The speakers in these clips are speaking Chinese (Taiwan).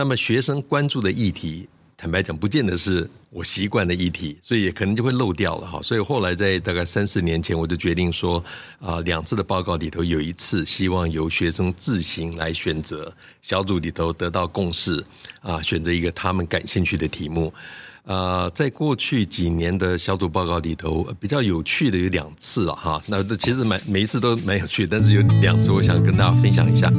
那麼學生關注的議題，坦白講，不見得是我習慣的議題，所以也可能就會漏掉了哈。所以後來在大概三四年前，我就決定說，啊、呃，兩次的報告裡頭，有一次希望由學生自行來選擇小組裡頭得到共識啊、呃，選擇一個他們感興趣的題目。啊、呃，在過去幾年的小組報告裡頭，比較有趣的有兩次啊，哈，那這其實每每一次都蠻有趣，但是有兩次我想跟大家分享一下。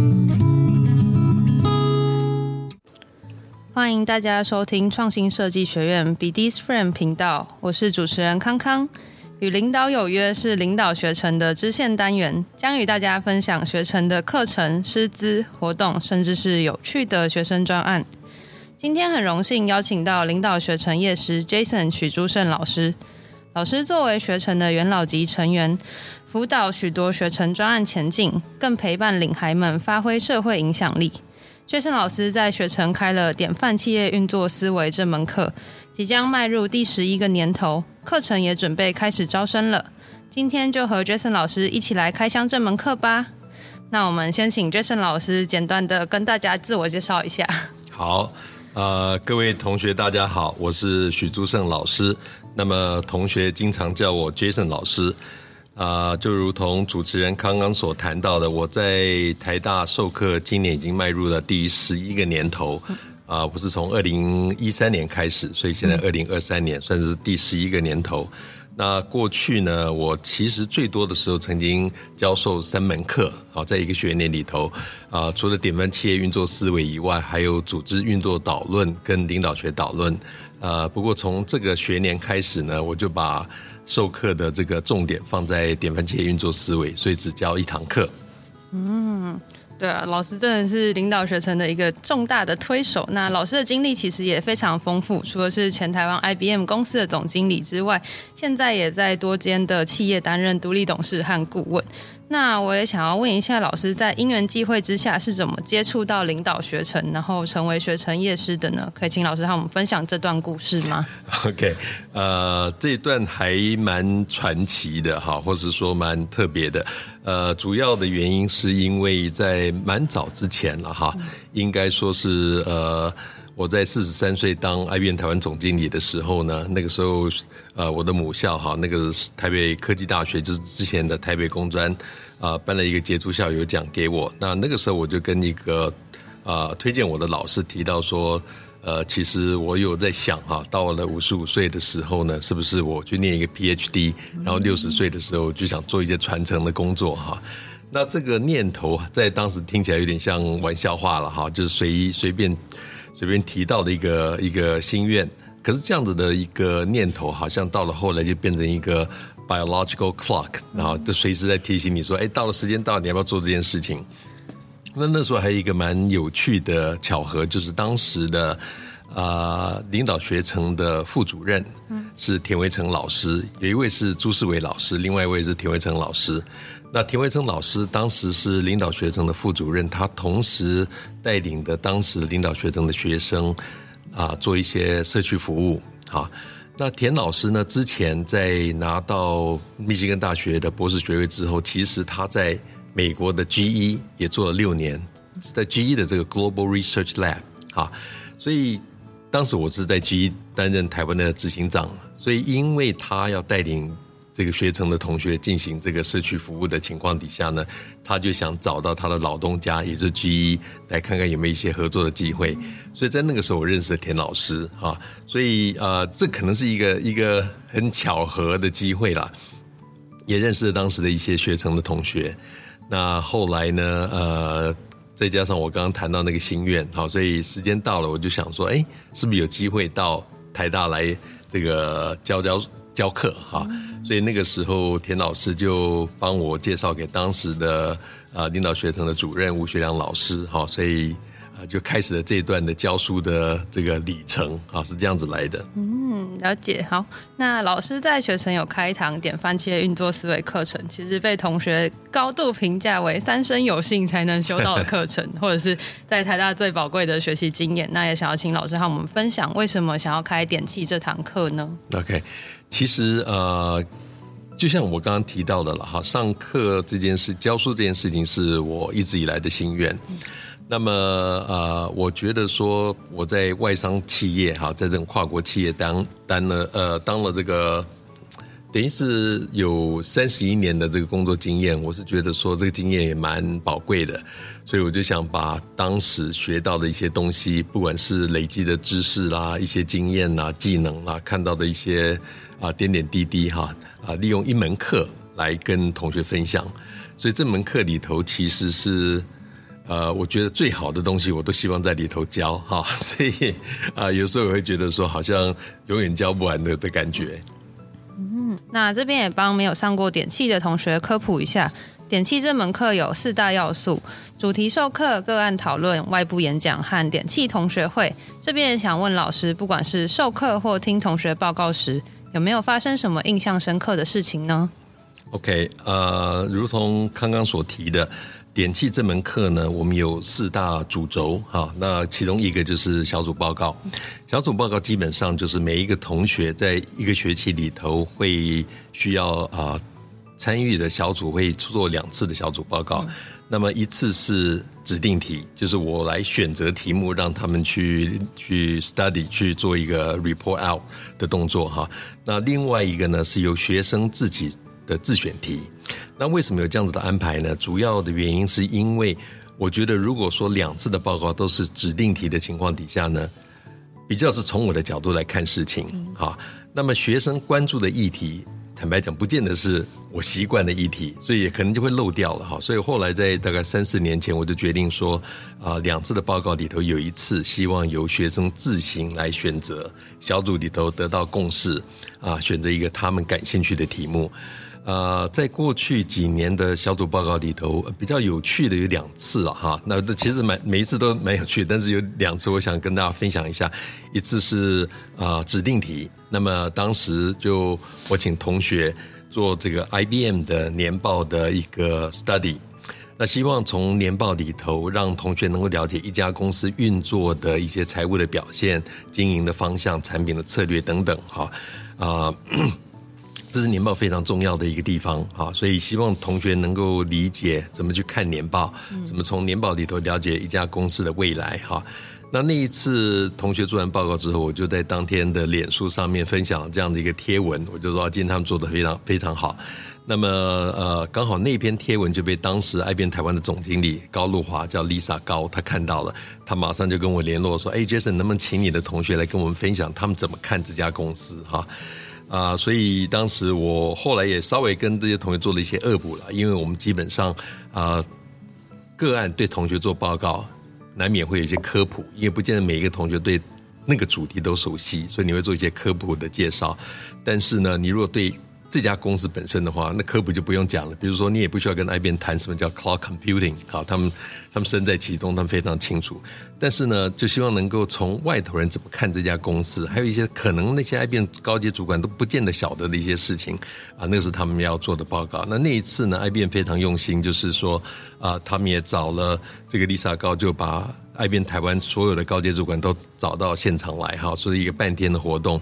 歡迎大家收聽創新設計學院 BDS Frame 頻道，我是主持人康康。與領導有約是領導學程的支線單元，將與大家分享學程的課程、師資、活動，甚至是有趣的學生專案。今天很榮幸邀請到領導學程業師 Jason 許朱勝老師。老師作為學程的元老級成員，輔導許多學程專案前進，更陪伴領孩們發揮社會影響力。Jason 老師在學城開了《典範企業運作思維》這門課，即將邁入第十一個年頭，課程也準備開始招生了。今天就和 Jason 老師一起來開箱這門課吧。那我們先請 Jason 老師簡短的跟大家自我介紹一下。好，呃，各位同學，大家好，我是許朱勝老師。那麼同學經常叫我 Jason 老師。啊、呃，就如同主持人剛剛所談到的，我在台大授課，今年已經邁入了第十一個年頭啊，我、呃、是從二零一三年開始，所以現在二零二三年、嗯、算是第十一個年頭。那過去呢，我其實最多的時候曾經教授三門課，好，在一個學年裡頭啊、呃，除了典範企業運作思維以外，還有組織運作導論跟領導學導論。呃，不過從這個學年開始呢，我就把授課的這個重點放在典範企業運作思維，所以只教一堂課。嗯，對啊，老師真的是領導學程的一個重大的推手。那老師的經歷其實也非常豐富，除了是前台灣 IBM 公司的總經理之外，現在也在多間的企業擔任獨立董事和顧問。那我也想要問一下老師，在因緣際會之下是怎麼接觸到領導學程，然後成為學程業師的呢？可以請老師和我們分享這段故事嗎？OK，呃，這一段還蠻傳奇的哈，或者說蠻特別的。呃，主要的原因是因為在蠻早之前了哈，應該說是呃。我在四十三歲當 IBM 台灣總經理的時候呢，那個時候，呃，我的母校哈，那個台北科技大學就是之前的台北工專，啊，辦了一個傑出校友獎給我。那那個時候，我就跟一個啊、呃、推薦我的老師提到說，呃，其實我有在想哈，到了五十五歲的時候呢，是不是我去念一個 PhD，然後六十歲的時候就想做一些傳承的工作哈。那這個念頭在當時聽起來有點像玩笑話了哈，就是隨隨便。隨便提到的一個一個心願，可是這樣子的一個念頭，好像到了後來就變成一個 biological clock，然後就隨時在提醒你說，哎，到了時間到了，你要不要做這件事情？那那時候還有一個蠻有趣的巧合，就是當時的啊、呃、領導學程的副主任是田維成老師，有一位是朱世偉老師，另外一位是田維成老師。那田維生老師當時是領導學生的副主任，他同時帶領的當時領導學生的學生，啊，做一些社區服務啊。那田老師呢，之前在拿到密西根大學的博士學位之後，其實他在美國的 GE 也做了六年，是在 GE 的這個 Global Research Lab 啊，所以當時我是在 GE 擔任台灣的執行長，所以因為他要帶領。這個學程的同學進行這個社區服務的情況底下呢，他就想找到他的老東家，也是 G 一，來看看有沒有一些合作的機會。所以在那個時候，我認識了田老師啊，所以呃，這可能是一個一個很巧合的機會啦，也認識了當時的一些學程的同學。那後來呢，呃，再加上我剛剛談到那個心願，好，所以時間到了，我就想說，哎，是不是有機會到台大來這個教教？教課哈，所以那個時候田老師就幫我介紹給當時的啊領導學程的主任吳學良老師哈，所以。就開始了這一段的教書的這個歷程啊，是這樣子來的。嗯，了解。好，那老師在學程有開一堂典範企業運作思維課程，其實被同學高度評價為三生有幸才能修到的課程， 或者是在台大最寶貴的學習經驗。那也想要請老師和我們分享，為什麼想要開典企這堂課呢？OK，其實呃，就像我剛剛提到的了哈，上課這件事，教書這件事情是我一直以來的心願。嗯那麼呃，我覺得說我在外商企業哈，在這種跨國企業當當了呃，當了這個，等於是有三十一年的這個工作經驗，我是覺得說這個經驗也蠻寶貴的，所以我就想把當時學到的一些東西，不管是累積的知識啦、一些經驗吶、技能啦、看到的一些啊點點滴滴哈啊，利用一門課來跟同學分享。所以這門課裡頭其實是。呃，我覺得最好的東西，我都希望在裡頭教哈，所以啊、呃，有時候我會覺得說，好像永遠教不完的的感覺。嗯，那這邊也幫沒有上過典企的同學科普一下，典企這門課有四大要素：主題授課、個案討論、外部演講和典企同學會。這邊也想問老師，不管是授課或聽同學報告時，有沒有發生什麼印象深刻的事情呢？OK，呃，如同剛剛所提的。典企這門課呢，我們有四大主軸哈。那其中一個就是小組報告。小組報告基本上就是每一個同學在一個學期裡頭會需要啊、呃、參與的小組會做兩次的小組報告，嗯。那麼一次是指定題，就是我來選擇題目讓他們去去 study 去做一個 report out 的動作哈。那另外一個呢是由學生自己的自選題。那為什麼有這樣子的安排呢？主要的原因是因為，我覺得如果說兩次的報告都是指定題的情況底下呢，比較是從我的角度來看事情。嗯，好，那麼學生關注的議題。坦白講，不見得是我習慣的議題，所以也可能就會漏掉了哈。所以後來在大概三四年前，我就決定說，啊，兩次的報告裡頭有一次，希望由學生自行來選擇，小組裡頭得到共識，啊，選擇一個他們感興趣的題目。啊，在過去幾年的小組報告裡頭，比較有趣的有兩次了哈。那這其實蠻，每一次都蠻有趣，但是有兩次我想跟大家分享一下，一次是啊指定題。那麼當時就我請同學做這個 IBM 的年報的一個 study，那希望從年報裡頭讓同學能夠了解一家公司運作的一些財務的表現、經營的方向、產品的策略等等哈啊，這是年報非常重要的一個地方哈，所以希望同學能夠理解怎麼去看年報，怎麼從年報裡頭了解一家公司的未來哈。那那一次同學做完報告之後，我就在當天的臉書上面分享了這樣的一個貼文，我就說今天他們做的非常非常好。那麼呃，剛好那篇貼文就被當時愛變台灣的總經理高露華，叫 Lisa 高，他看到了，他馬上就跟我聯絡說：“欸、誒 Jason 能不能請你的同學來跟我們分享他們怎麼看這家公司？哈啊、呃，所以當時我後來也稍微跟這些同學做了一些惡補了，因為我們基本上啊、呃、個案對同學做報告。難免會有一些科普，因為不見得每一個同學對那個主題都熟悉，所以你會做一些科普的介紹。但是呢，你如果對。這家公司本身的話，那科普就不用講了。比如說，你也不需要跟 IBM 談什麼叫 Cloud Computing，好，他們他們身在其中，他們非常清楚。但是呢，就希望能夠從外頭人怎麼看這家公司，還有一些可能那些 IBM 高級主管都不見得曉得的一些事情啊，那是他們要做的報告。那那一次呢，IBM 非常用心，就是說啊，他們也找了這個 Lisa 高，就把 IBM 台灣所有的高級主管都找到現場來哈，好，所以一個半天的活動。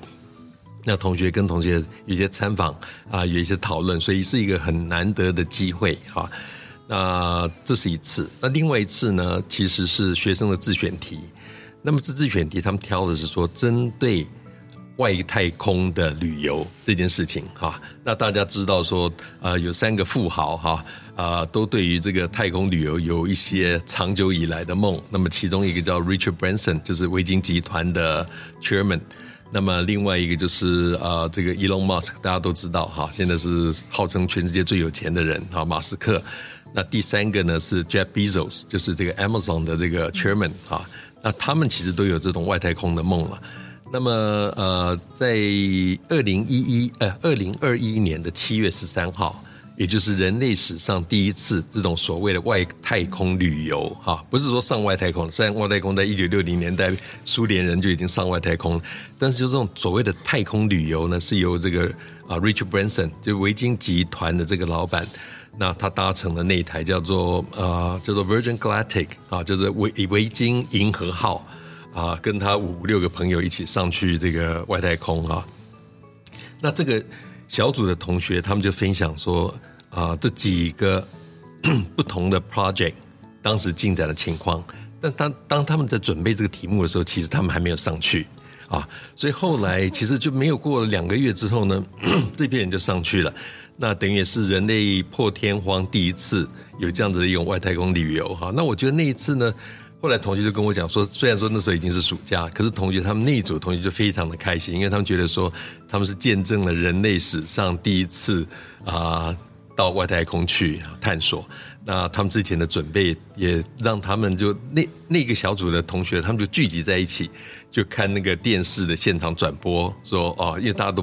那同學跟同學有一些參訪啊、呃，有一些討論，所以是一個很難得的機會哈。那、啊呃、這是一次，那另外一次呢，其實是學生的自選題。那麼這自選題他們挑的是說，針對外太空的旅遊這件事情哈、啊。那大家知道說，呃，有三個富豪哈，啊、呃，都對於這個太空旅遊有一些長久以來的夢。那麼其中一個叫 Richard Branson，就是維京集團的 Chairman。那麼另外一個就是啊、呃，這個 Elon Musk 大家都知道哈、啊，現在是號稱全世界最有錢的人啊，馬斯克。那第三個呢是 Jeff Bezos，就是這個 Amazon 的這個 Chairman 啊。那他們其實都有這種外太空的夢了。那麼呃，在二零一一呃二零二一年的七月十三號。也就是人類史上第一次這種所謂的外太空旅遊，哈，不是說上外太空，雖然外太空在一九六零年代蘇聯人就已經上外太空了，但是就是這種所謂的太空旅遊呢，是由這個啊，Richard Branson 就維京集團的這個老板，那他搭乘的那一台叫做啊，呃，叫做 Virgin Galactic 啊，就是維維京銀河號啊，跟他五六個朋友一起上去這個外太空啊。那這個小組的同學他們就分享說。啊，這幾個不同的 project 當時進展的情況，但當當他們在準備這個題目的時候，其實他們還沒有上去啊，所以後來其實就沒有過兩個月之後呢，這批人就上去了。那等於也是人類破天荒第一次有這樣子的一種外太空旅遊哈、啊。那我覺得那一次呢，後來同學就跟我講說，雖然說那時候已經是暑假，可是同學他們那一組同學就非常的開心，因為他們覺得說他們是見證了人類史上第一次啊。到外太空去探索，那他們之前的準備也讓他們就那那個小組的同學，他們就聚集在一起，就看那個電視的現場轉播，說哦，因為大家都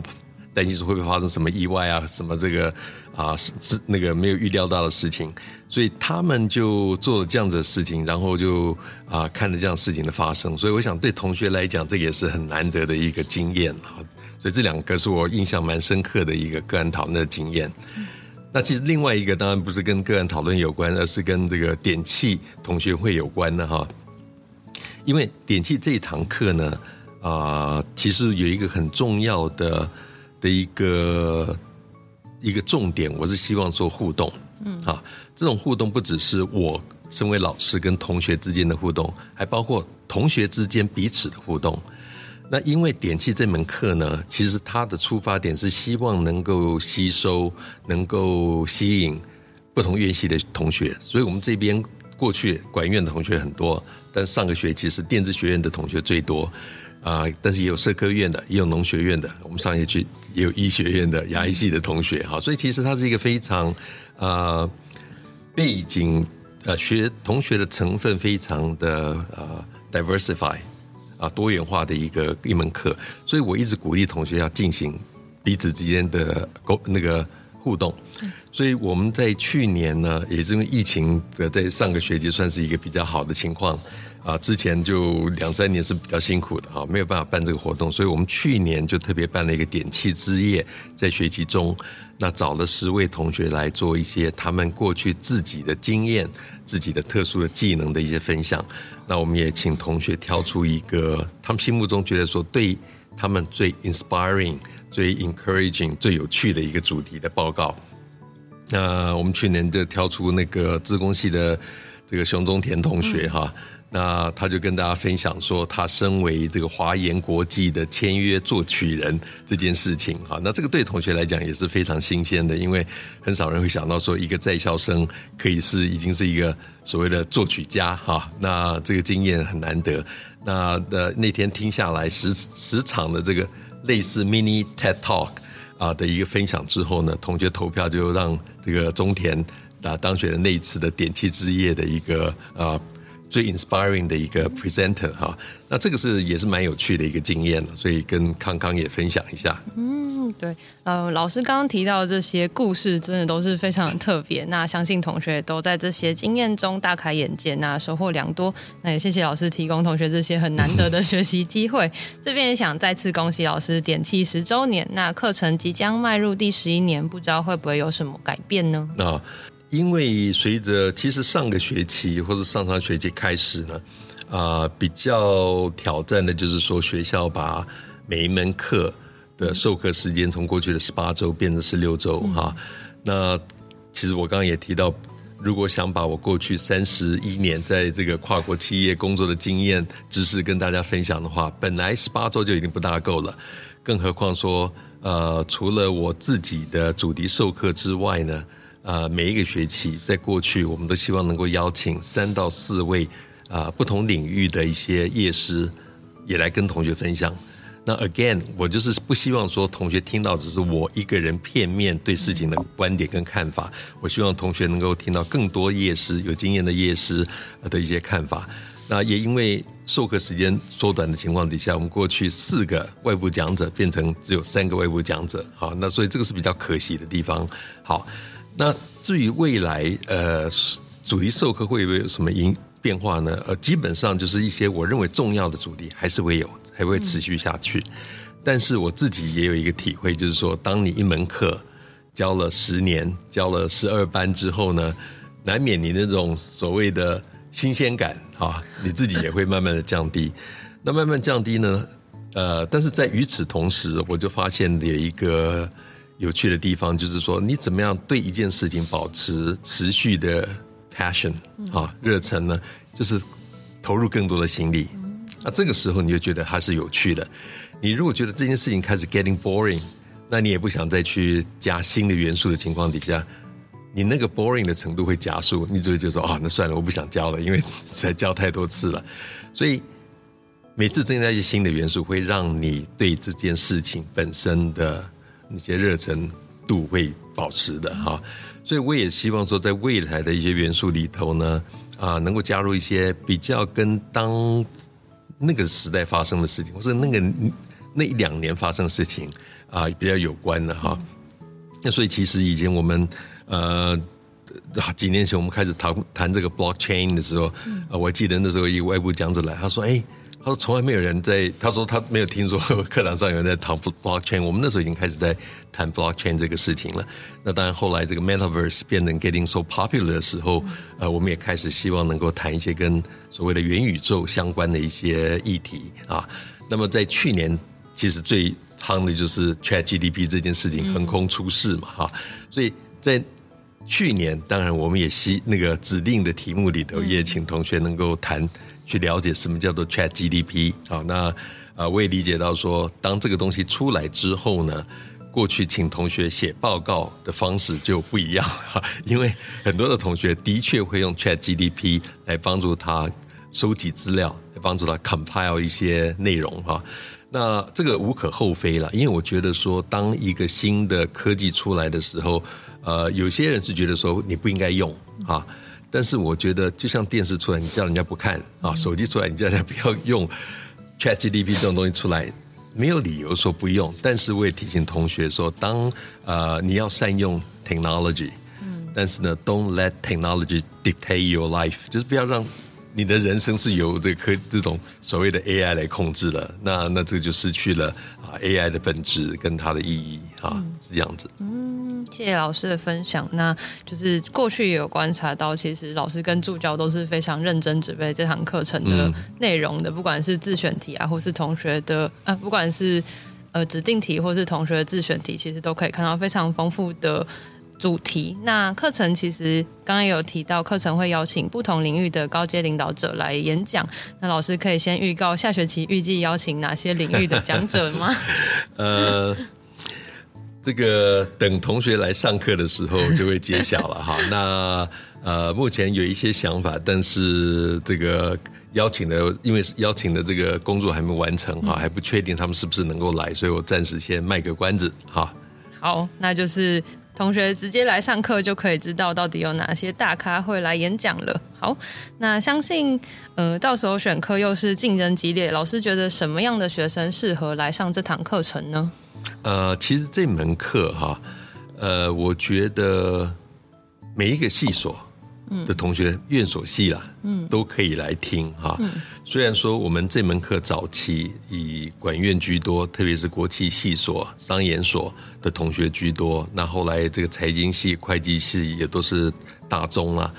擔心說會不會發生什麼意外啊，什麼這個啊是是那個沒有預料到的事情，所以他們就做了這樣子的事情，然後就啊看着這樣事情的發生，所以我想對同學來講，這個也是很難得的一個經驗啊，所以這兩個是我印象蠻深刻的一個個案討論的經驗。那其實另外一個當然不是跟個案討論有關，而是跟這個典企同學會有關的哈。因為典企這一堂課呢，啊、呃，其實有一個很重要的的一個一個重點，我是希望做互動，嗯，啊，這種互動不只是我身為老師跟同學之間的互動，還包括同學之間彼此的互動。那因為典企這門課呢，其實它的出發點是希望能夠吸收、能夠吸引不同院系的同學，所以我們這邊過去管院的同學很多，但是上個學期是電子學院的同學最多啊、呃，但是也有社科院的，也有農學院的，我們上學期也有醫學院的牙醫系的同學，好，所以其實它是一個非常啊、呃、背景啊、呃，學同學的成分非常的呃 diversify。啊，多元化的一個一門課，所以我一直鼓勵同學要進行彼此之間的溝那個互動。所以我們在去年呢，也是因為疫情，在上個學期算是一個比較好的情況。啊，之前就兩三年是比較辛苦的啊，沒有辦法辦這個活動，所以我們去年就特別辦了一個典企之夜，在學期中。那找了十位同學來做一些他們過去自己的經驗、自己的特殊的技能的一些分享。那我們也請同學挑出一個他們心目中覺得說對他們最 inspiring、最 encouraging、最有趣的一個主題的報告。那我們去年就挑出那個資工系的這個熊中田同學哈。嗯那他就跟大家分享說，他身為這個華研國際的簽約作曲人這件事情啊，那這個對同學來講也是非常新鮮的，因為很少人會想到說一個在校生可以是已經是一個所謂的作曲家哈。那這個經驗很難得。那的那天聽下來十十場的這個類似 mini TED Talk 啊的一個分享之後呢，同學投票就讓這個中田啊當選了那次的典企之夜的一個啊。最 inspiring 的一個 presenter 哈，那這個是也是蠻有趣的一個經驗，所以跟康康也分享一下。嗯，對，呃，老師剛剛提到這些故事，真的都是非常特別。那相信同學都在這些經驗中大開眼界，那收穫良多。那也謝謝老師提供同學這些很難得的學習機會。 這邊也想再次恭喜老師典企十周年，那課程即將邁入第十一年，不知道會不會有什麼改變呢？那、哦。因為隨着其實，上個學期或是上上學期開始呢，啊、呃，比較挑戰的就是說，學校把每一門課的授課時間從過去的十八周變成十六週，嗯、啊。那其實我剛剛也提到，如果想把我過去三十一年在這個跨國企業工作的經驗知識跟大家分享的話，本來十八週就已經不大夠了，更何況說，呃，除了我自己的主題授課之外呢，呃，每一個學期，在過去，我們都希望能夠邀請三到四位啊，不同領域的一些業師也來跟同學分享。那 again，我就是不希望說同學聽到只是我一個人片面，對事情的觀點跟看法。我希望同學能夠聽到更多業師有經驗的業師的一些看法。那也因為授課時間縮短的情況底下，我們過去四個外部講者變成只有三個外部講者，好，那所以這個是比較可惜的地方。好。那至於未來，呃，主題授課會有沒有什麼變變化呢？呃，基本上就是一些我認為重要的主題還是會有，還會持續下去。嗯。但是我自己也有一個體會，就是說，當你一門課教了十年，教了十二班之後呢，難免你那種所謂的新鮮感啊，你自己也會慢慢的降低。那慢慢降低呢，呃，但是在與此同時，我就發現有一個。有趣的地方就是說，你怎麼樣對一件事情保持持續的 passion 啊熱忱呢？就是投入更多的心力。那、啊、這個時候你就覺得它是有趣的。你如果覺得這件事情開始 getting boring，那你也不想再去加新的元素的情況底下，你那個 boring 的程度會加速。你就會覺得說哦，那算了，我不想教了，因為才教太多次了。所以每次增加一些新的元素，會讓你對這件事情本身的。那些熱忱度會保持的哈，所以我也希望說，在未來的一些元素裡頭呢，啊，能夠加入一些比較跟當那個時代發生的事情，或者那個那一兩年發生的事情啊，比較有關的哈。那所以其實以前我們呃幾年前我們開始談談這個 Blockchain 的時候，啊，我記得那時候一個外部講者來，他說：“哎。”他說從來沒有人在，他說他沒有聽說課堂上有人在談 blockchain。我們那時候已經開始在談 blockchain 這個事情了。那當然，後來這個 metaverse 變成 getting so popular 的時候，嗯，呃，我們也開始希望能夠談一些跟所謂的元宇宙相關的一些議題啊。那麼在去年，其實最夯的就是 ChatGPT 這件事情橫空出世嘛，哈，嗯啊。所以在去年，當然我們也希那個指定的題目裡頭，嗯，也，也請同學能夠談。去了解什麼叫做 ChatGDP 啊？那啊，我也理解到說，當這個東西出來之後呢，過去請同學寫報告的方式就不一樣了，因為很多的同學的確會用 ChatGDP 來幫助他收集資料，來幫助他 compile 一些內容哈。那這個無可厚非了，因為我覺得說，當一個新的科技出來的時候，呃，有些人是覺得說你不應該用啊。但是我覺得，就像電視出來，你叫人家不看啊；手機出來，你叫人家不要用 ChatGDP 這種東西出來，沒有理由說不用。但是我也提醒同學說，當呃你要善用 technology，但是呢、嗯、，don't let technology dictate your life，就是不要讓你的人生是由這個這種所謂的 AI 來控制了。那那這就失去了啊 AI 的本質跟它的意義啊，是這樣子。嗯謝謝老師的分享。那就是過去也有觀察到，其實老師跟助教都是非常認真準備這堂課程的內容的，嗯。不管是自選題啊，或是同學的啊，不管是呃指定題或是同學的自選題，其實都可以看到非常豐富的主題。那課程其實剛剛有提到，課程會邀請不同領域的高階領導者來演講。那老師可以先預告下學期預計邀請哪些領域的講者嗎？ 呃。這個等同學來上課的時候就會揭曉了哈。 那呃，目前有一些想法，但是這個邀請的，因為邀請的這個工作還沒完成哈、嗯，還不確定他們是不是能夠來，所以我暫時先賣個關子哈。好，那就是同學直接來上課就可以知道到底有哪些大咖會來演講了。好，那相信呃，到時候選課又是競爭激烈，老師覺得什麼樣的學生適合來上這堂課程呢？呃，其實這門課哈、啊，呃，我覺得每一個系所，嗯，的同學院所系啦、啊，嗯，都可以來聽哈、啊嗯。雖然說我們這門課早期以管院居多，特別是國企系所、商研所的同學居多，那後來這個財經系、會計系也都是大宗了、啊，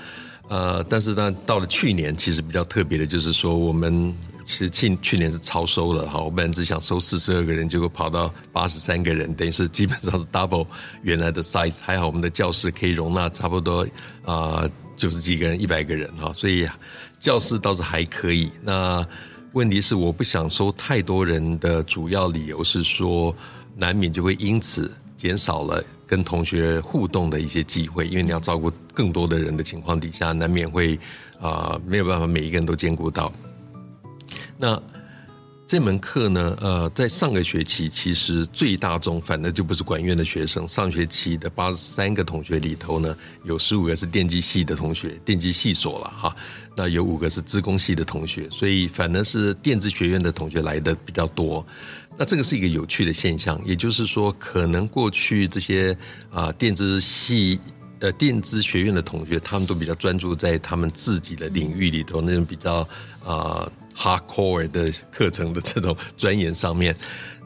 呃，但是呢，到了去年，其實比較特別的，就是說我們。其實去去年是超收了哈，我本來只想收四十二個人，結果跑到八十三個人，等於是基本上是 double 原來的 size。還好我們的教室可以容納差不多啊九十幾個人、一百個人哈，所以教室倒是還可以。那問題是我不想收太多人的主要理由是說，難免就會因此減少了跟同學互動的一些機會，因為你要照顧更多的人的情況底下，難免會啊、呃、沒有辦法每一個人都兼顧到。那這門課呢，呃，在上個學期，其實最大眾反正就不是管院的學生。上學期的八十三個同學裡頭呢，有十五個是電機系的同學，電機系所了哈、啊。那有五個是資工系的同學，所以反而是電子學院的同學來的比較多。那這個是一個有趣的現象，也就是說，可能過去這些啊、呃、電子系呃電子學院的同學，他們都比較專注在他們自己的領域裡頭，那種比較啊。呃 hardcore 的課程的這種鑽研上面，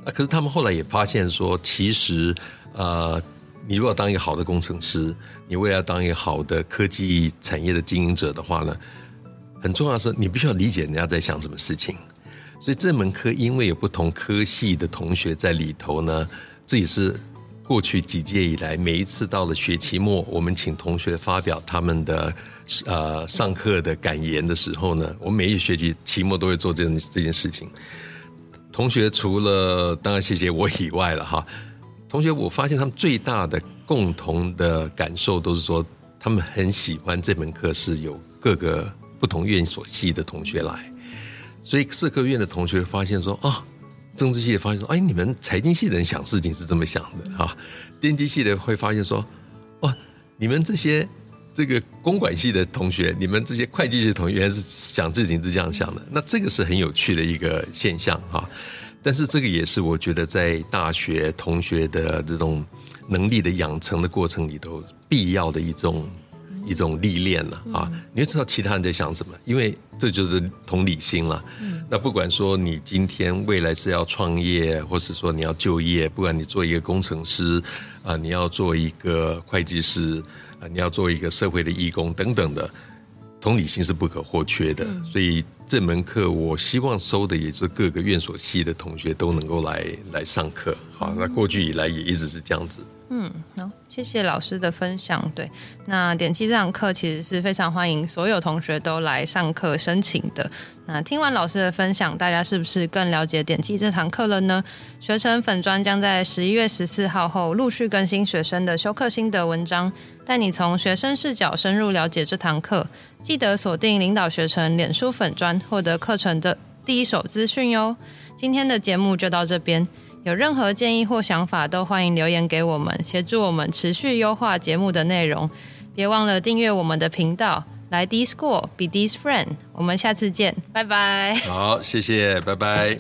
啊，可是他們後來也發現說，其實，呃，你如果當一個好的工程師，你為了要當一個好的科技產業的經營者的話呢，很重要的是，你必須要理解人家在想什麼事情。所以這門課因為有不同科系的同學在裡頭呢，自己是。過去幾屆以來，每一次到了學期末，我們請同學發表他們的呃上課的感言的時候呢，我每一學期期末都會做這這件事情。同學除了當然謝謝我以外了哈，同學我發現他們最大的共同的感受都是說，他們很喜歡這門課是有各個不同院所系的同學來，所以社科院的同學發現說啊。哦政治系的發現說：“哎，你們財經系的人想事情是這麼想的啊。”電機系的會發現說：“哇、哦，你們這些這個公管系的同學，你們這些會計系的同學原來是想事情是這樣想的。”那這個是很有趣的一個現象啊。但是這個也是我覺得在大學同學的這種能力的養成的過程裡頭，必要的一種。一種歷練了啊，你就知道其他人在想什麼，因為這就是同理心了啊。那不管說你今天未來是要創業，或是說你要就業，不管你做一個工程師啊，你要做一個會計師啊，你要做一個社會的義工等等的，同理心是不可或缺的。所以這門課我希望收的也是各個院所系的同學都能夠來來上課。好，那過去以來也一直是這樣子。嗯，好，謝謝老師的分享。對，那典企這堂課其實是非常歡迎所有同學都來上課申請的。那聽完老師的分享，大家是不是更了解典企這堂課了呢？學程粉專將在十一月十四號後陸續更新學生的修課心得文章，帶你從學生視角深入了解這堂課。記得鎖定領導學程臉書粉專，獲得課程的第一手資訊喲。今天的節目就到這邊。有任何建議或想法，都歡迎留言給我們，協助我們持續優化節目的內容。別忘了訂閱我們的頻道，來 D-School, be D's friend。我們下次見，拜拜。好，謝謝，拜拜。